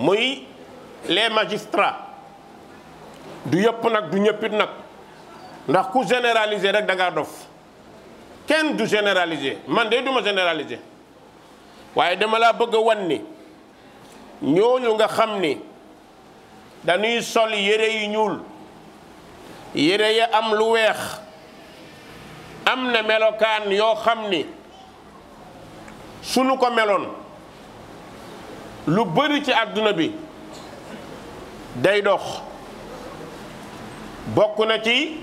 muy les magistrats du yëpp nag du ñëppit nag ndax ku généraliser rek danga ngaa dof kenn du généraliser man de duma généraliser waaye dama la bëgg wan ni ñooñu nga xam ni dañuy sol yére yu ñuul yére yi am lu weex am na melokaan yoo xam ni sunu ko meloon lu bëri ci àdduna bi day dox bokk na ci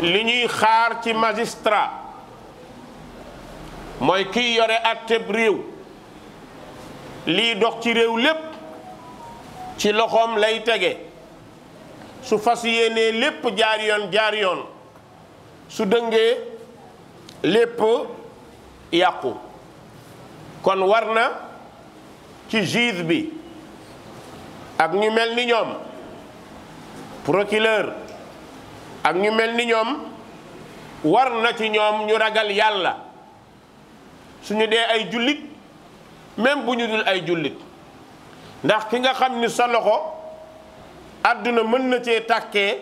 li ñuy xaar ci magistrat mooy kiy yore àtteb réew liy dox ci réew lépp ci loxoom lay tege su fas yéenee lépp jaar yoon jaar yoon su dëngee lépp yàqu kon war na ci juge bi ak ñu mel ni ñoom procureur ak ñu mel ni ñoom war na ci ñoom ñu ragal yàlla suñu dee ay jullit même bu ñu dul ay jullit ndax ki nga xam sa loxo àdduna mën na cee tàkkee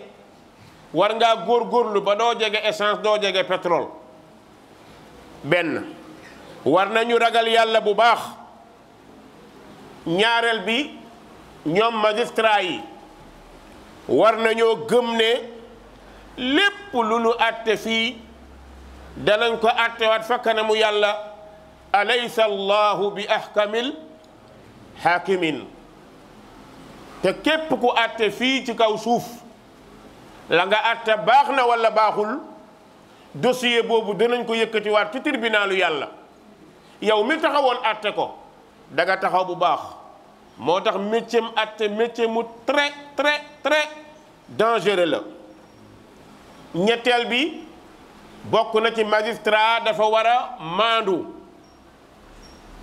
war ngaa góorgóorlu ba doo jege essence doo jege pétrole benn war nañu ragal yàlla bu baax ñaareel bi ñoom magistrat yi war nañoo gëm ne lépp lu nu àtte fii danañ ko àttewaat fa kanamu yàlla alaysa allahu bi ahkamil hakimin te képp ku àtte fii ci kaw suuf la nga àtte baax na wala baaxul dossier boobu danañ ko yëkkatiwaat ci tirbinaalu yàlla yow mi taxawoon àtte ko da taxaw bu baax moo tax métier mu àtte métier très très très dangereux la ñetteel bi bokk na ci magistra dafa wara a maandu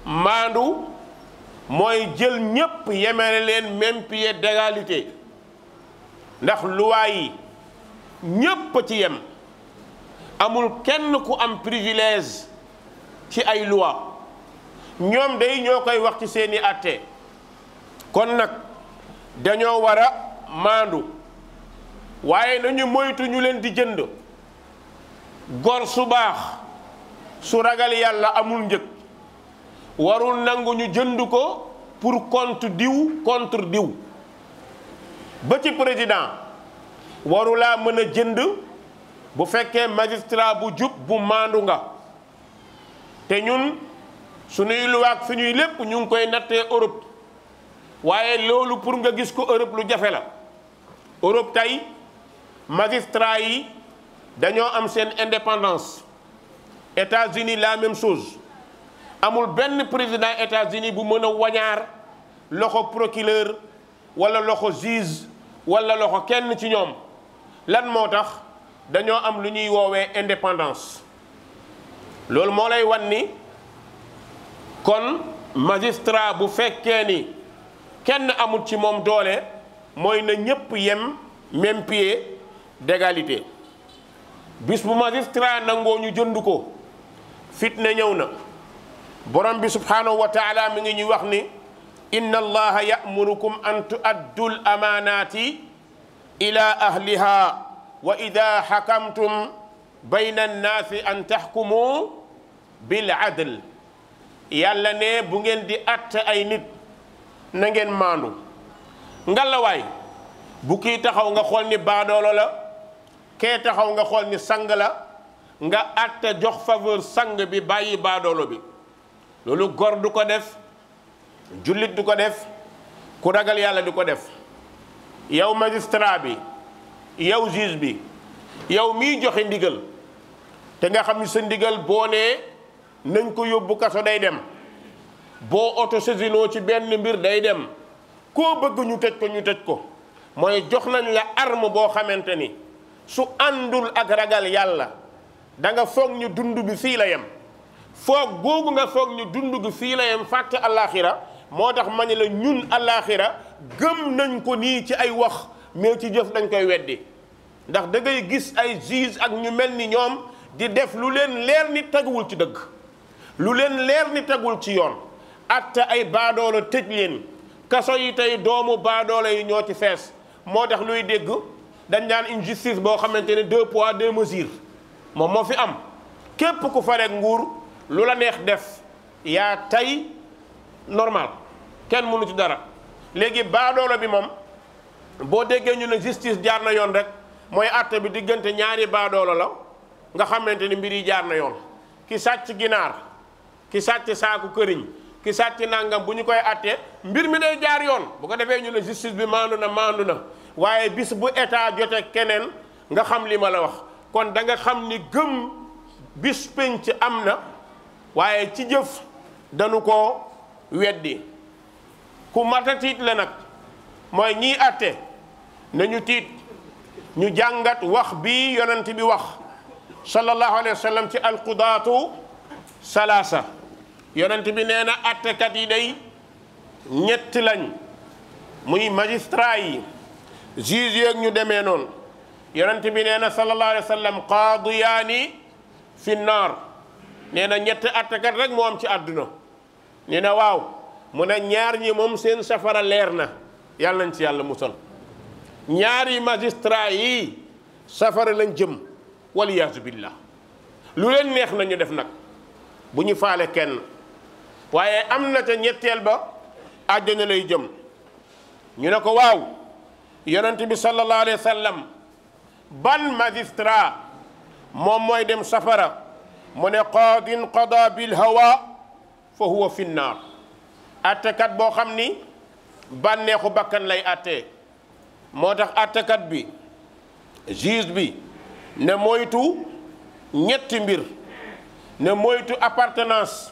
maandu mooy jël ñépp yemale leen même pied ndax luwaayi yi ñépp ci yem amul kenn ku am privilège ci ay loi ñoom day ñoo koy wax ci seeni àtte kon nag dañoo wara a maandu waaye nañu moytu ñu leen di jënd gor su baax su ragal yàlla amul njëg warul nangu ñu jënd ko pour compte diw contre diw ba ci président warula mën a jënd bu fekkee magistrat bu jub bu maandu nga te ñun suñuy luwaak suñuy lépp ñu ngi koy nattee Europe waaye loolu pour nga gis ko Europe lu jafe la Europe tey magistrat yi dañoo am seen indépendance États-Unis la même chose amul benn président États-Unis bu mën a wañaar loxo procureur wala loxo juge wala loxo kenn ci ñoom lan moo tax dañoo am lu ñuy woowee indépendance loolu moo lay wan ni kon magistrat bu fekke ni kenn amul ci mom doole moy na ñëpp yem même pied d'égalité bis bu magistrat nangoo ñu jënd ko fitna ñëw na borom bi subhanahu wa taala mi ngi ñuy wax ni inna allaha yamurukum an tuaddu al amanati ila ahliha wa idha hakamtum bayna annaasi an taxkumu bil adl yàlla ne bu ngeen di àtte ay nit na ngeen maandu ngalawaay bu kii taxaw nga xool ni baadoolo la kee taxaw nga xool ni sang la nga àtte jox faveur sang bi bàyyi baadoolo bi loolu gor du ko def jullit du ko def ku ragal yàlla du ko def yow magistrat bi yow juge bi yow miy joxe ndigal te nga xam sa ndigal boo nee nañ ko yóbbu kaso day dem boo oto saisino ci benn mbir day dem koo bëgg ñu tëj ko ñu tëj ko mooy jox nañ la arme boo xamante ni su àndul ak ragal yàlla da foog ñu dund bi fii yem foog googu nga foog ñu dund gi fii la fàtte àllaaxira moo tax ma la ñun àllaaxira gëm nañ ko nii ci ay wax mais ci jëf dañ koy weddi ndax dangay gis ay gis ak ñu mel ni ñoom di def lu leen leer ni teguwul ci dëgg lu leen leer ni tegul ci yoon atte ay baadoola tëj leen kaso yi tey doomu baadoola yi ñoo ci fees moo tax luy dégg dañ daan injustice boo xamante ne deux poids deux mesures moom moo fi am képp ku fa rek nguur lu la neex def yaa tey normal kenn mënu ci dara léegi baadoola bi moom boo déggee ñu ne justice jaar na yoon rek mooy àtte bi diggante ñaari baadoolo la nga xamante ni mbir yi jaar na yoon ki sàcc ginaar ki sàcc saaku këriñ ki sàcc nangam bu ñu koy attee mbir mi day jaar yoon bu ko defee ñu ne justice bi maandu na maandu na waaye bis bu état jote keneen nga xam li ma la wax kon danga xam ni gëm bis penc am na waaye ci jëf dañu ko weddi ku matatiit la nag mooy ñiy atte nañu tiit ñu jàngat wax bi yonent bi wax sallallahu alayhi ci alqudaatu salaasa yonent bi nee na attekat yi day ñett lañ muy magistrat yi juge yeeg ñu demee noonu yonent bi nee na sallallahu alayhi wa sallam qaadiyaani fi naar nee na ñetti attekat rek moo am ci àdduna nee na waaw mu ne ñaar ñi moom seen safara leer na yàlla nañ ci yàlla musal ñaari magistrat yi safara lañ jëm waliyaasu billah lu leen neex nañu def nag bu ñu faale kenn waye amna na ca ñetteel ba àjjana lay jëm ñu ne ko waaw yonent bi sallallahu alayhi wasallam ban magistrat mom moy dem safara mu ne qaadin qada bil hawa fa huwa fi nar attekat kat bo xamni banexu bakkan lay atté motax tax kat bi juge bi ne moytu ñetti mbir ne moytu appartenance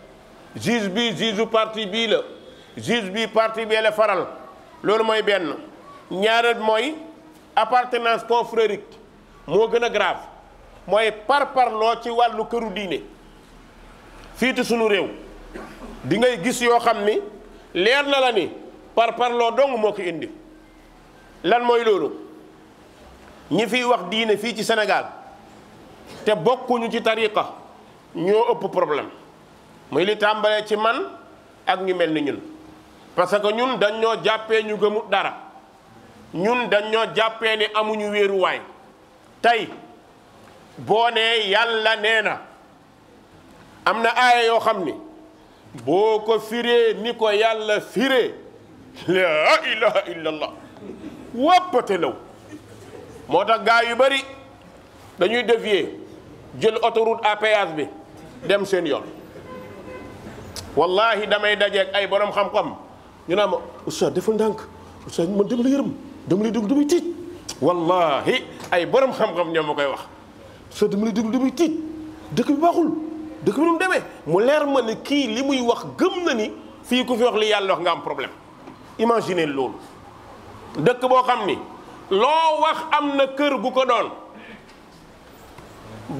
parti bi parti bi la parti Le la faral loolu moy ben ñaaral moy appartenance confrérique mo gëna grave moy par par ci walu këru sunu di ngay gis na la ni par lo dong moko indi lan moy loolu ñi fi wax fi ci Sénégal bokku ñu ci tariqa problème muy li tàmbalee ci man ak ñu mel ni ñun parce que ñun dañ ñoo jàppee ñu gëmut dara ñun dañ ñoo jàppee ni amuñu wéeruwaay tey boo nee yàlla nee na am na aaya yoo xam ni boo ko firee ni ko yàlla firee laa ilaha illallah wàppate law moo tax gaa yu bari dañuy dévier jël autoroute à péage bi dem seen yoon wallahi damay dajeeg ay borom xam-xam ñu naan ma oustaz defal ndànk oustaz man dem la yërëm dem lay déglu damay tiit wallahi ay borom xam-xam ñoo ma koy wax oustaz dem lay déglu damay tiit dëkk bi baaxul dëkk bi nu mu demee mu leer ma ne kii li muy wax gëm na ni fii ku fi wax li yàlla wax nga am problème imaginez loolu dëkk boo xam ni loo wax am na kër gu ko doon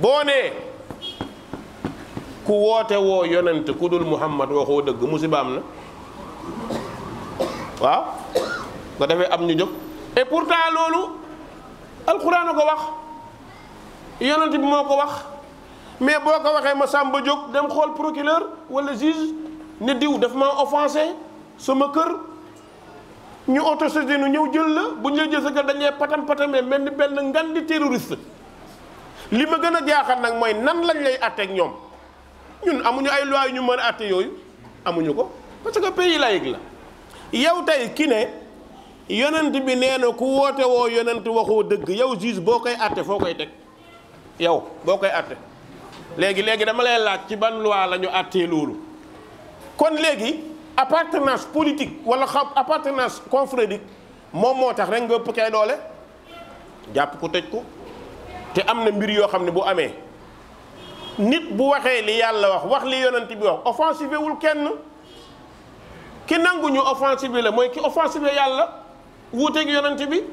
boo nee ku woote woo yonent ku dul muhammad waxoo dëgg musiba am na waaw nga defee am ñu jóg et pourtant loolu alxuraan ko wax yonent bi moo ko wax mais boo ko waxee ma sàmba jóg dem xool procureur wala juge ne diw daf ma offensé sama kër ñu autosaisine nu ñëw jël la bu ñu la jël sa kër dañuy patam patamee mel ni benn ngan di terroriste li ma gën a jaaxal nag mooy nan lañ lay àtteeg ñoom ñun amuñu ay loi ñu mën a àtte yooyu amuñu ko parce que pays laïque la yow tey ki ne yonent bi nee na ku woote woo yonent waxoo dëgg yow juge boo koy àtte foo koy teg yow boo koy àtte léegi léegi dama lay laaj ci ban loi lañu ñu àttee loolu kon léegi appartenance politique wala xam appartenance confrérique moom moo tax rek nga ëpp kay doole jàpp ko teg ko te am na mbir yoo xam ne bu amee nit bu waxé li yalla wax wax li wax offensive wul kenn ki offensive la moy ki offensive yàlla wuuteeg yonent bi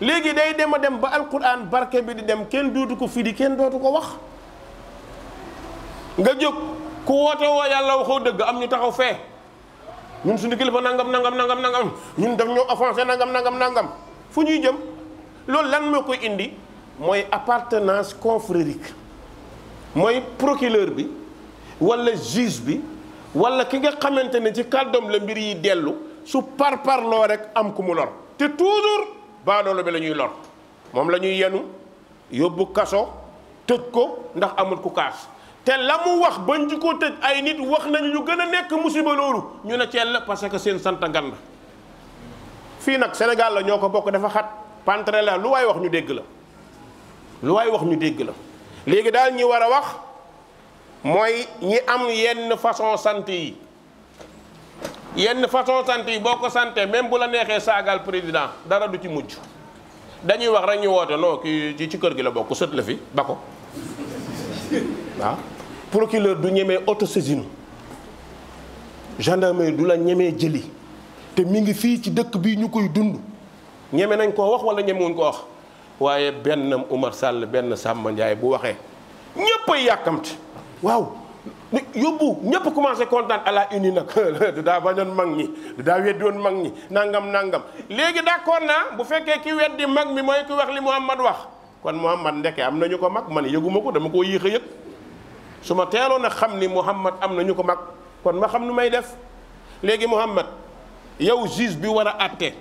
légui day dem dem ba alquran barké bi dem kenn dootu ko offensif kenn dootu ko wax nga ku am ñu taxaw ñun nangam nangam nangam nangam ñun daf nangam nangam nangam fu jëm lool lan indi appartenance confrérique mooy procureur bi walla juge bi walla ki nga xamante ne ci kàddoom la mbir yi dellu su par parparloo rek am ku mu lor te toujours baadoolo bi la ñuy lor moom la ñuy yenu yóbbu kaso tëj ko ndax amul ku kaas te la mu wax bañ ji ko tëj ay nit wax nañu ñu gën a nekk musiba loolu ñu ne ceel la parce que seen santa ngan la fii nag Sénégal la ñoo ko bokk dafa xat pantre la lu waay wax ñu dégg la lu waay wax ñu dégg la léegi daal ñi war a wax mooy ñi am yenn façon santé yi yenn façon sant yi boo ko sante même bu la neexee saagal président dara du ci mujj dañuy wax rek ñu woote non kii ci kër gi la bokk sët la fi ba ko waaw procureur du ñemee autosaisine gendarmerie du la ñemee jëli te mi ngi fii ci dëkk bii ñu koy dund ñeme nañ koo wax wala ñemewuñ ko wax waaye benn Umar Sall benn Samba Ndiaye bu waxee ñëpp a yàkkamti waaw yóbbu ñëpp commencé kontaan à la uni nag du daa bañoon mag ñi du daa weddi woon mag ñi nangam nangam léegi d'accord naa bu fekkee ki weddi mag mi mooy ki wax li Mouhamad wax kon Mouhamad ndeke am nañu ko mag man yëguma ko dama koo yéex a yëg su ma teeloon a xam ni Mouhamad am nañu ko mag kon ma xam nu may def léegi Mouhamad yow juge bi war a àtte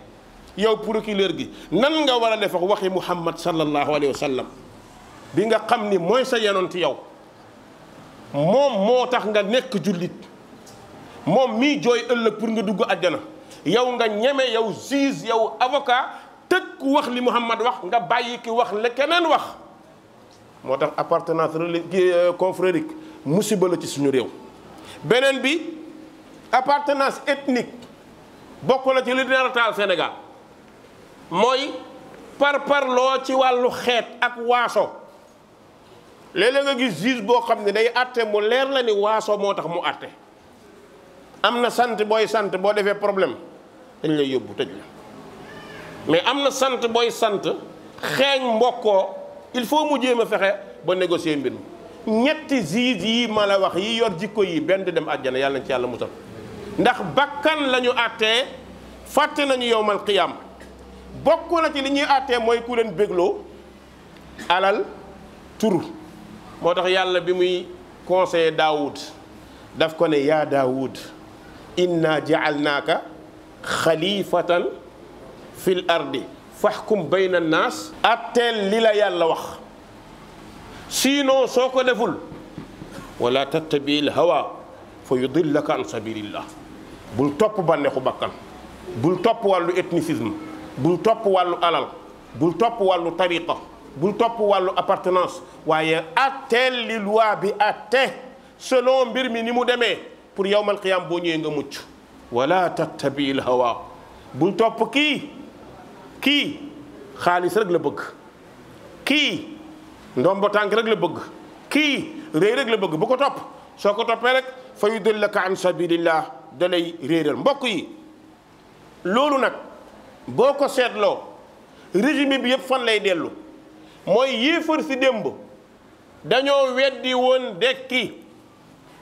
yow procureur gi nan nga war a def ak waxi muhammad sallallahu alayhi wa sallam bi nga xam ni mooy sa yonent yow moom moo tax nga nekk jullit moom mii jooy ëllëg pour nga dugg àjjana yow nga ñeme yow juge yow avocat tëj ku wax li muhammad wax nga bàyyi ki wax la keneen wax moo tax appartenance religieuse confrérique musiba la ci suñu réew beneen bi appartenance ethnique bokk la ci li dina taal Sénégal mooy par parloo ci wàllu xeet ak waaso léeg-léeg nga gis juge boo xam ne day àtte mu leer la ni waaso moo tax mu àtte am na sant booy sant boo defee problème dañ lay yóbbu tëj la mais am na sant booy sant xeeñ mbokkoo il faut mu jéem a fexe ba négocier mbir mi ñetti juge yi ma la wax yi yor jikko yi benn dem àjjana yàlla nañ ci yàlla musal ndax bàkkan lañu ñu àttee fàtte nañu yowmal qiyaam bokuna ci li ñuy àttee moy ku leen bëglo alal tur motax yàlla bi muy conseiller daoud daf ko ne ya daoud inna ja'alnaka khalifatan fil ardi fahkum bayna an-nas atteel li la yàlla wax sinon soko deful wala tattabi al hawa fa yudillaka an sabilillah bul top banexu bakkan bul top walu ethnicisme bul topp wàllu alal bul topp wàllu tariqa bul topp wàllu appartenance waaye atteel li loi bi atte selon mbir mi ni mu demee pour yawmal qiyaam boo ñëwee nga mucc wala tattabil hawa bul topp kii kii xaalis rek la bëgg kii ndombo tànk rek la bëgg kii réy rek la bëgg bu ko topp soo ko toppee rek fa yudillaka an sabilillah da lay réeral mbokk yi loolu nag boo ko seetloo régime bi yëpp fan lay dellu mooy yéefar si démb dañoo weddi woon dekki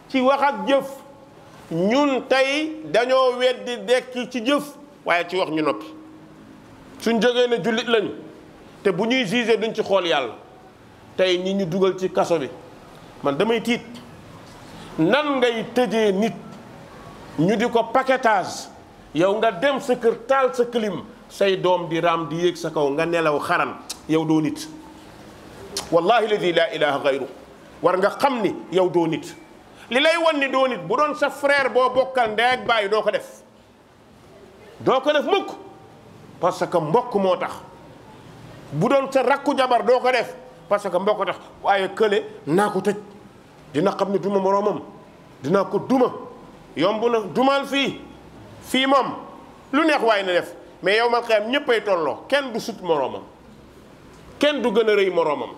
ci wax ak jëf ñun tey dañoo weddi dekki ci jëf waaye ci wax ñu noppi suñ jógee ne jullit lañu te bu ñuy jugé duñ ci xool yàlla tey ñi ñu dugal ci kaso bi man damay tiit nan ngay tëjee nit ñu di ko paquetage yow nga dem sa kër taal sa clim say doom di ram di yek sa kaw nga nelaw xaram yow do nit wallahi ladi la ilaha ghayru war nga xamni yow do nit li lay wonni do nit bu don sa frère bo bokal ndey ak bàyyi doo ko def do ko def mukk parce que mbok motax bu don sa rakku jabar do ko def parce que mbok tax waye kële nako tëj dina xamni duma moromam dina ko duma yombuna dumal fi fi mom lu neex way na def mais yow mal xiyam ñëppay tollo ken du sut moromam ken du gëna a moromam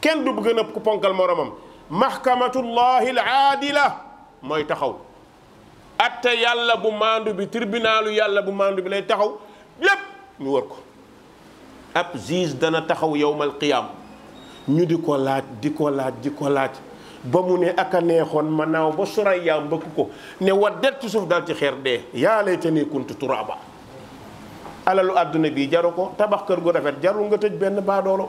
ken du gëna ku ponkal moromam mahkamatullahi al aadila mooy taxaw atta yàlla bu mandu bi tribunalu yàlla bu mandu bi lay taxaw lépp ñu wër ko ab ziz dana taxaw yowmal qiyam ñu diko ko laaj di ko laaj di laaj ba mu ne ak a neexoon ma naaw ba Surayya mbëkk ko ne waddet ci suuf dal ci xeer dee yaa laytanii kuntu turaaba alalu àdduna bi jaru ko tabax kër gu rafet jarul nga tëj benn baadoolo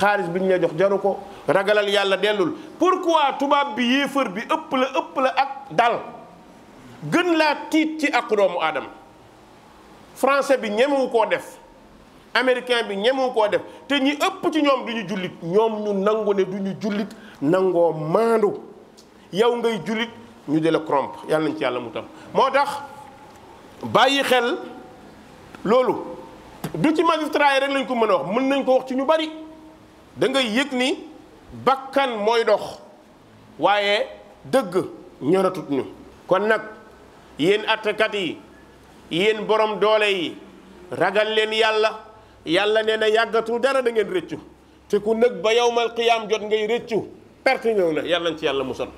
xaalis bi ñu la jox jaru ko ragalal yàlla dellul pourquoi tubaab bi yéefar bi ëpp la ëpp la ak dal gën laa tiit ci ak doomu aadama français bi ñemewu koo def américain bi ñemewu koo def te ñi ëpp ci ñoom du ñu jullit ñoom ñu nangu ne du ñu jullit nangoo maandu yow ngay jullit ñu di la corrompre yàlla nañ ci yàlla mu tam moo tax bàyyi xel loolu du ci magistrat yi rek lañ ko mën a wax mën nañ ko wax ci ñu bari dangay yëg ni bakkan mooy dox waaye dëgg ñoratut ñu kon nag yéen attekat yi yéen borom doole yi ragal leen yàlla yàlla nee na yàggatul dara dangeen ngeen rëccu te ku nëg ba yowmal qiyaam jot ngay rëccu perte ñëw na yàlla nañ ci yàlla musal